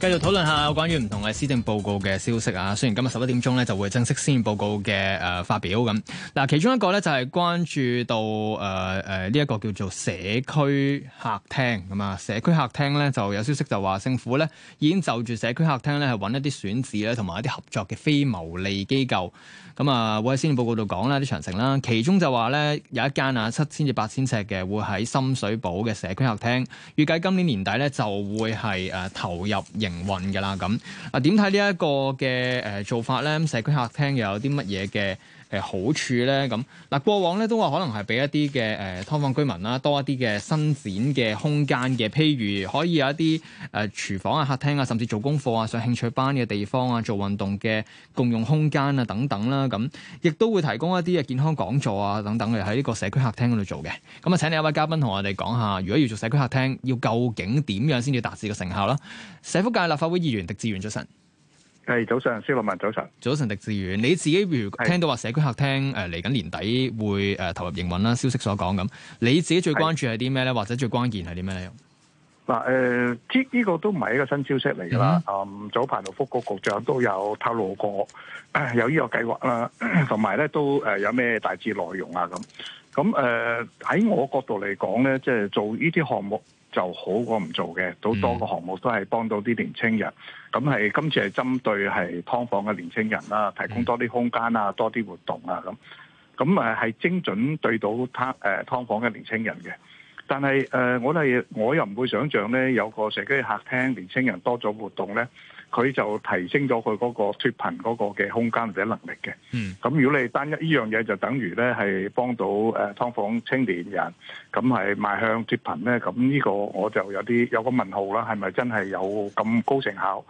繼續討論下關於唔同嘅施政報告嘅消息啊！雖然今日十一點鐘咧就會正式施政報告嘅誒發表咁，嗱其中一個咧就係關注到誒誒呢一個叫做社區客廳咁啊！社區客廳咧就有消息就話政府咧已經就住社區客廳咧係揾一啲選址咧同埋一啲合作嘅非牟利機構咁啊！會喺施政報告度講啦啲詳情啦，其中就話咧有一間啊七千至八千尺嘅會喺深水埗嘅社區客廳，預計今年年底咧就會係誒投入營運㗎啦，咁啊，點睇呢一個嘅誒做法咧？社區客廳又有啲乜嘢嘅？好處咧？咁，嗱，過往咧都話可能係俾一啲嘅誒劏房居民啦，多一啲嘅伸展嘅空間嘅，譬如可以有一啲誒廚房啊、客廳啊，甚至做功課啊、上興趣班嘅地方啊、做運動嘅共用空間啊等等啦。咁亦都會提供一啲嘅健康講座啊等等嘅，喺呢個社區客廳嗰度做嘅。咁啊，請你一位嘉賓同我哋講下，如果要做社區客廳，要究竟點樣先至達至個成效啦？社福界立法會議員狄志遠早晨。係早上，蕭萬文早晨，早晨，狄志遠，你自己如聽到話社區客廳誒嚟緊年底會誒投入營運啦，消息所講咁，你自己最關注係啲咩咧？或者最關鍵係啲咩咧？嗱、呃、誒，呢、這個都唔係一個新消息嚟噶啦，嗯，早排勞福局局長都有透露過有，計劃還有呢個計劃啦，同埋咧都誒有咩大致內容啊咁。咁誒喺我角度嚟講咧，即係做呢啲項目就好過唔做嘅，都多個項目都係幫到啲年青人。咁係今次係針對係劏房嘅年青人啦，提供多啲空間啊，多啲活動啊咁。咁係精準對到劏、呃、劏房嘅年青人嘅。但係誒、呃，我哋我又唔會想象咧，有個社區客廳年青人多咗活動咧。佢就提升咗佢嗰個脫貧嗰個嘅空間或者能力嘅。咁、嗯、如果你單一呢樣嘢，這個，就等於咧係幫到誒㓥房青年人，咁係邁向脫貧咧。咁呢個我就有啲有個問號啦，係咪真係有咁高成效？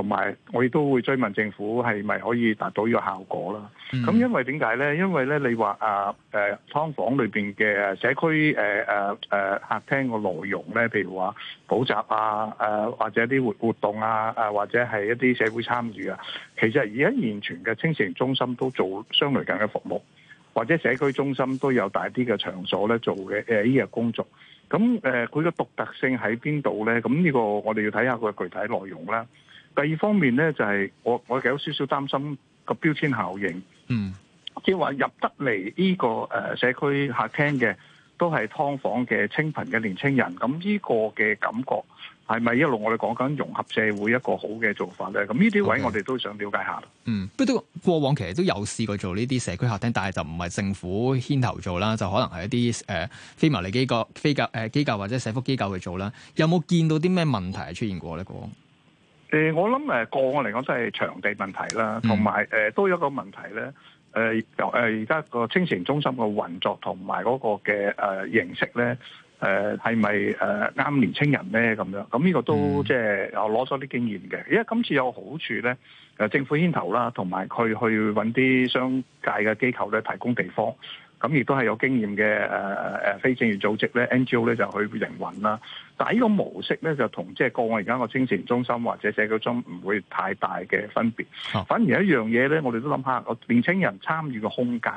同埋，我亦都會追問政府係咪可以達到呢個效果啦？咁、嗯、因為點解咧？因為咧，你話啊誒，劏房裏面嘅社區誒、啊啊、客廳個內容咧，譬如話補習啊,啊或者啲活活動啊,啊或者係一啲社會參與啊，其實而家現存嘅青少年中心都做相類近嘅服務，或者社區中心都有大啲嘅場所咧做嘅呢個工作。咁佢嘅獨特性喺邊度咧？咁呢個我哋要睇下佢嘅具體內容啦。第二方面咧，就係、是、我我有少少擔心個標籤效應，即係話入得嚟呢個誒社區客廳嘅都係㓥房嘅清貧嘅年青人，咁呢個嘅感覺係咪一路我哋講緊融合社會一個好嘅做法咧？咁呢啲位我哋都想了解下。Okay. 嗯，不過都過往其實都有試過做呢啲社區客廳，但係就唔係政府牽頭做啦，就可能係一啲誒、呃、非牟利機構、非教誒、呃、機構或者社福機構去做啦。有冇見到啲咩問題係出現過呢？講？呃、我諗誒個案嚟講真係場地問題啦，同埋誒都有一個問題咧，誒而家個清城中心嘅運作同埋嗰個嘅誒、呃、形式咧，誒係咪誒啱年青人咧咁樣？咁呢個都即係我攞咗啲經驗嘅，因為今次有好處咧，政府牽頭啦，同埋佢去搵啲商界嘅機構咧提供地方。咁亦都係有經驗嘅誒非政府組織咧 NGO 咧就去營運啦，但係呢個模式咧就同即係個我而家個青年中心或者社交中唔會太大嘅分別。啊，反而一樣嘢咧，我哋都諗下，年青人參與嘅空間，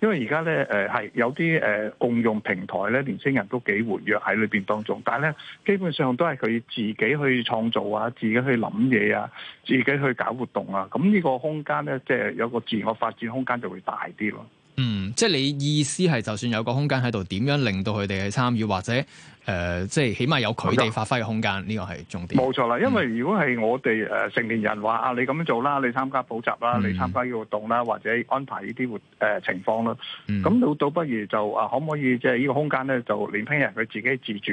因為而家咧係有啲誒共用平台咧，年青人都幾活躍喺裏面當中，但係咧基本上都係佢自己去創造啊，自己去諗嘢啊，自己去搞活動啊，咁呢個空間咧即係有個自我發展空間就會大啲咯。嗯，即係你意思係，就算有個空間喺度，點樣令到佢哋去參與，或者誒、呃，即係起碼有佢哋發揮嘅空間，呢個係重點。冇錯，因為如果係我哋誒成年人話、嗯、啊，你咁樣做啦，你參加補習啦、嗯，你參加呢個活動啦，或者安排呢啲活誒情況啦，咁、嗯、倒倒不如就啊，可唔可以即係呢個空間咧，就年輕人佢自己自主。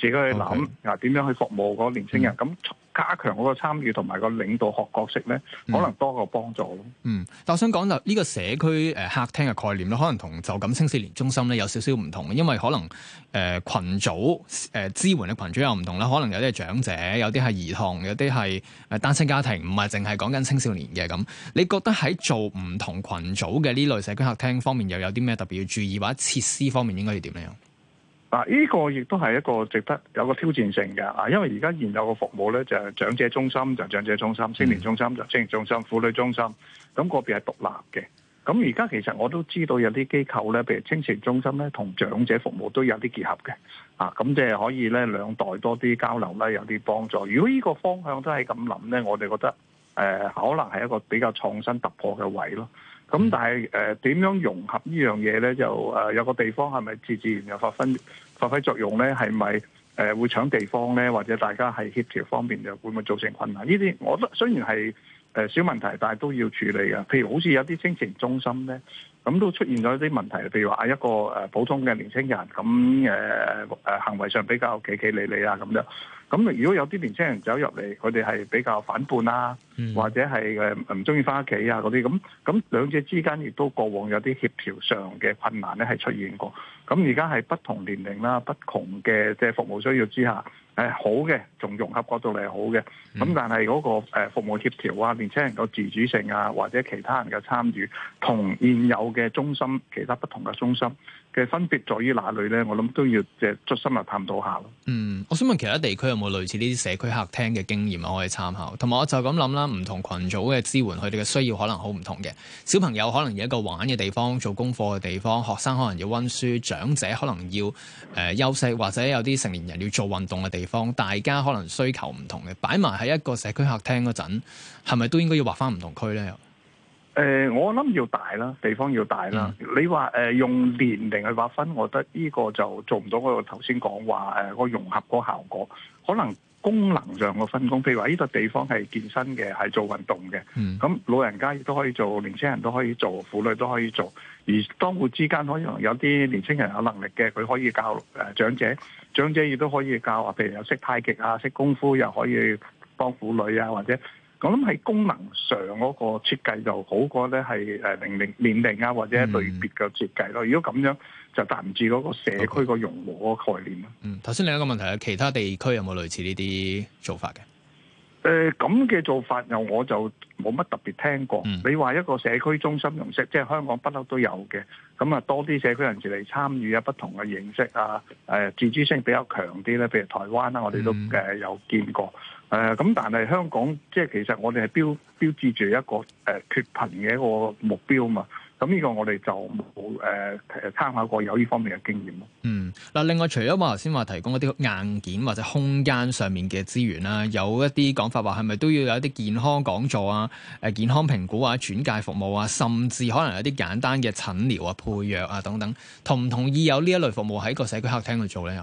自己去諗啊，點樣去服務嗰年青人？咁、okay. 加強嗰個參與同埋個領導學角色咧、嗯，可能多個幫助咯。嗯，但我想講就呢個社區誒客廳嘅概念咧，可能同就咁青少年中心咧有少少唔同，因為可能誒、呃、群組誒、呃、支援嘅群組又唔同啦。可能有啲係長者，有啲係兒童，有啲係單親家庭，唔係淨係講緊青少年嘅咁。你覺得喺做唔同群組嘅呢類社區客廳方面，又有啲咩特別要注意，或者設施方面應該要點樣呢？嗱，呢個亦都係一個值得有個挑戰性嘅，啊，因為而家現有嘅服務咧就係長者中心就長者中心，mm. 青年中心就青年中心，婦女中心，咁嗰邊係獨立嘅。咁而家其實我都知道有啲機構咧，譬如青年中心咧，同長者服務都有啲結合嘅，啊，咁即係可以咧兩代多啲交流啦，有啲幫助。如果呢個方向都係咁諗咧，我哋覺得誒、呃、可能係一個比較創新突破嘅位咯。咁、嗯、但係誒點樣融合樣呢樣嘢咧？就誒、呃、有個地方係咪自自然又發揮發揮作用咧？係咪誒會搶地方咧？或者大家係協調方面就會唔會造成困難？呢啲我覺得雖然係、呃、小問題，但係都要處理嘅。譬如好似有啲精神中心咧，咁都出現咗一啲問題。譬如話一個誒、呃、普通嘅年青人，咁、呃、誒行為上比較企企理理啊咁樣。咁如果有啲年青人走入嚟，佢哋係比較反叛啊，或者係唔中意翻屋企啊嗰啲，咁咁兩者之間亦都過往有啲協調上嘅困難咧，係出現過。咁而家係不同年齡啦、不同嘅即係服務需要之下，好嘅從融合角度嚟係好嘅。咁但係嗰個服務協調啊，年青人嘅自主性啊，或者其他人嘅參與，同現有嘅中心，其他不同嘅中心，嘅分別在於哪裏咧？我諗都要即係足心嚟探討下咯。嗯，我想問其他地區有冇類似呢啲社區客廳嘅經驗，可以參考。同埋我就咁諗啦，唔同群組嘅支援，佢哋嘅需要可能好唔同嘅。小朋友可能要一個玩嘅地方，做功課嘅地方；學生可能要溫書，長者可能要誒、呃、休息，或者有啲成年人要做運動嘅地方。大家可能需求唔同嘅，擺埋喺一個社區客廳嗰陣，係咪都應該要劃返唔同區咧？呃、我諗要大啦，地方要大啦。Yeah. 你話、呃、用年齡去劃分，我覺得呢個就做唔到我頭先講話、呃個融合個效果。可能功能上個分工，譬如話呢個地方係健身嘅，係做運動嘅。咁、mm. 老人家亦都可以做，年輕人都可以做，婦女都可以做。而當戶之間可能有啲年輕人有能力嘅，佢可以教、呃、長者，長者亦都可以教啊。譬如有識太極啊，識功夫又可以幫婦女啊，或者。我諗係功能上嗰個設計就好過咧，係誒年齡、年齡啊或者類別嘅設計咯。如果咁樣就達唔住嗰個社區個融合嗰個概念。Okay. 嗯，頭先你有一個問題係其他地區有冇類似呢啲做法嘅？誒咁嘅做法，又我就冇乜特別聽過。嗯、你話一個社區中心形式，即係香港不嬲都有嘅。咁啊，多啲社區人士嚟參與啊，不同嘅形式啊、呃，自主性比較強啲咧。譬如台灣啦，我哋都誒有見過。誒、嗯、咁、呃，但係香港即係其實我哋係標標誌住一個誒脫、呃、貧嘅一個目標嘛。咁呢個我哋就冇誒誒參考過有呢方面嘅經驗咯。嗯，嗱另外除咗話頭先話提供一啲硬件或者空間上面嘅資源啦，有一啲講法話係咪都要有一啲健康講座啊、誒健康評估啊轉介服務啊，甚至可能有啲簡單嘅診療啊、配藥啊等等，同唔同意有呢一類服務喺個社區客廳度做咧？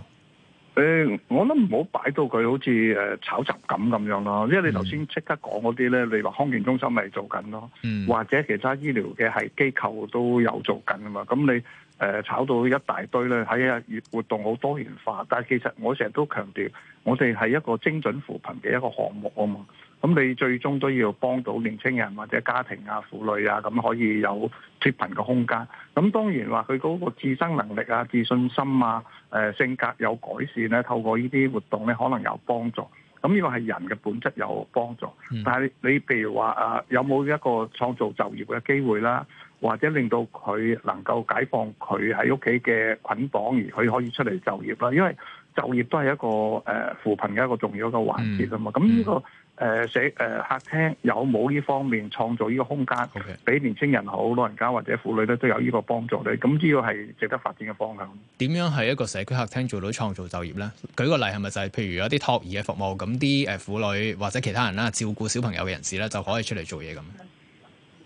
誒、呃，我諗唔好擺到佢好似誒炒雜咁咁樣咯，因為你頭先即刻講嗰啲咧，你話康健中心咪做緊咯，或者其他醫療嘅係機構都有做緊啊嘛，咁你誒炒到一大堆咧，喺日月活動好多元化，但係其實我成日都強調，我哋係一個精準扶貧嘅一個項目啊嘛。咁你最終都要幫到年青人或者家庭啊、婦女啊，咁可以有脫貧嘅空間。咁當然話佢嗰個自身能力啊、自信心啊、呃、性格有改善咧，透過呢啲活動咧，可能有幫助。咁呢個係人嘅本質有幫助。嗯、但係你譬如話啊，有冇一個創造就業嘅機會啦，或者令到佢能夠解放佢喺屋企嘅捆綁，而佢可以出嚟就業啦。因為就業都係一個誒、呃、扶貧嘅一個重要一個環節啊嘛。咁、嗯、呢、呢個、嗯誒、呃、社誒、呃、客廳有冇呢方面創造呢個空間，俾、okay. 年青人好老人家或者婦女咧都有呢個幫助咧。咁呢個係值得發展嘅方向。點樣係一個社區客廳做到創造就業咧？舉個例係咪就係、是、譬如有啲托兒嘅服務，咁啲誒婦女或者其他人啦，照顧小朋友嘅人士咧，就可以出嚟做嘢咁。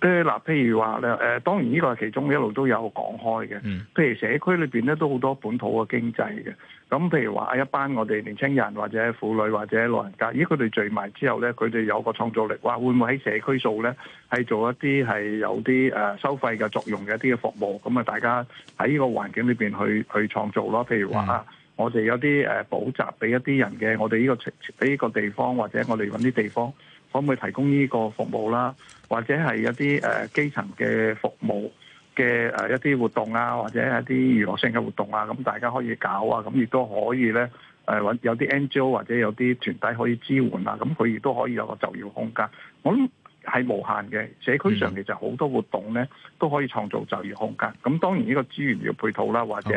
誒嗱，譬如話咧，誒當然呢個係其中一路都有講開嘅。譬如社區裏邊咧，都好多本土嘅經濟嘅。咁譬如話，一班我哋年輕人或者婦女或者老人家，咦佢哋聚埋之後咧，佢哋有個創造力，哇！會唔會喺社區做咧，係做一啲係有啲誒收費嘅作用嘅一啲嘅服務。咁啊，大家喺呢個環境裏邊去去創造咯。譬如話，嗯，我哋有啲誒補習俾一啲人嘅，我哋呢個呢個地方或者我哋揾啲地方，可唔可以提供呢個服務啦？或者係一啲、呃、基層嘅服務嘅、呃、一啲活動啊，或者一啲娛樂性嘅活動啊，咁大家可以搞啊，咁亦都可以咧、呃、揾有啲 NGO 或者有啲團體可以支援啊，咁佢亦都可以有一個就業空間。咁。係無限嘅，社區上其實好多活動咧，都可以創造就業空間。咁當然呢個資源要配套啦，或者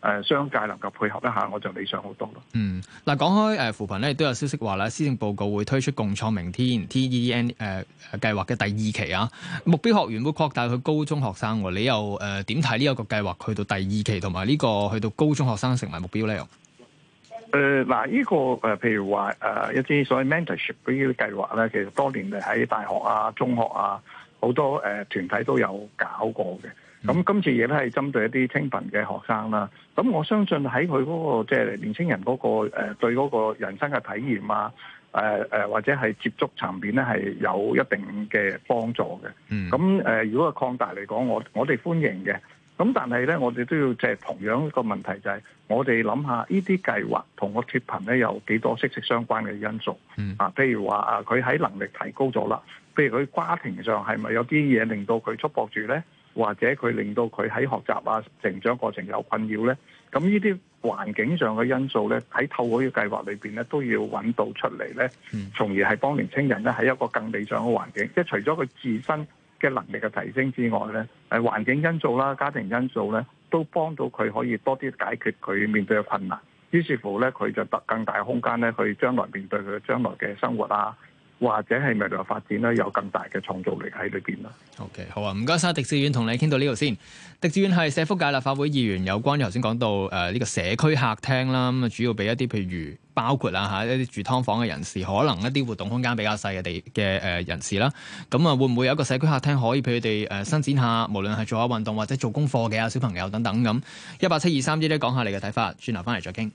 誒商界能夠配合一下，Okay. 我就理想好多咯。嗯，嗱講開誒扶貧咧，亦都有消息話啦，施政報告會推出共創明天 T E N 誒計劃嘅第二期啊，目標學員會擴大去高中學生。你又誒點睇呢一個計劃去到第二期，同埋呢個去到高中學生成為目標咧？誒、呃、嗱，依、這個誒，譬、呃、如話誒、呃，一啲所謂 mentorship 嗰啲計劃咧，其實多年嚟喺大學啊、中學啊好多誒團、呃、體都有搞過嘅。咁、嗯、今次亦都係針對一啲清貧嘅學生啦。咁我相信喺佢嗰個即係、就是、年青人嗰、那個誒、呃、對嗰個人生嘅體驗啊，誒、呃、誒或者係接觸層面咧係有一定嘅幫助嘅。咁、嗯、誒、呃，如果擴大嚟講，我我哋歡迎嘅。咁但係咧，我哋都要即係同樣一個問題，就係、是、我哋諗下呢啲計劃同個脫貧咧有幾多息息相關嘅因素。啊，譬如話啊，佢喺能力提高咗啦，譬如佢家庭上係咪有啲嘢令到佢束縛住咧，或者佢令到佢喺學習啊成長過程有困擾咧？咁呢啲環境上嘅因素咧，喺透過呢個計劃裏面咧，都要揾到出嚟咧，mm. 從而係幫年青人咧喺一個更理想嘅環境。即、就是、除咗佢自身。嘅能力嘅提升之外咧，誒環境因素啦、家庭因素咧，都幫到佢可以多啲解決佢面對嘅困難。於是乎咧，佢就得更大空間咧去將來面對佢將來嘅生活啊。或者係未來發展咧，有更大嘅創造力喺裏邊啦。O、okay, K，好啊，唔該晒。狄志遠同你傾到呢度先。狄志遠係社福界立法會議員，有關頭先講到誒呢、呃這個社區客廳啦，咁啊主要俾一啲譬如包括啦嚇、啊、一啲住劏房嘅人士，可能一啲活動空間比較細嘅地嘅誒人士啦，咁啊會唔會有一個社區客廳可以俾佢哋誒伸展下，無論係做下運動或者做功課嘅小朋友等等咁？這講一八七二三一咧講下你嘅睇法，轉頭翻嚟再傾。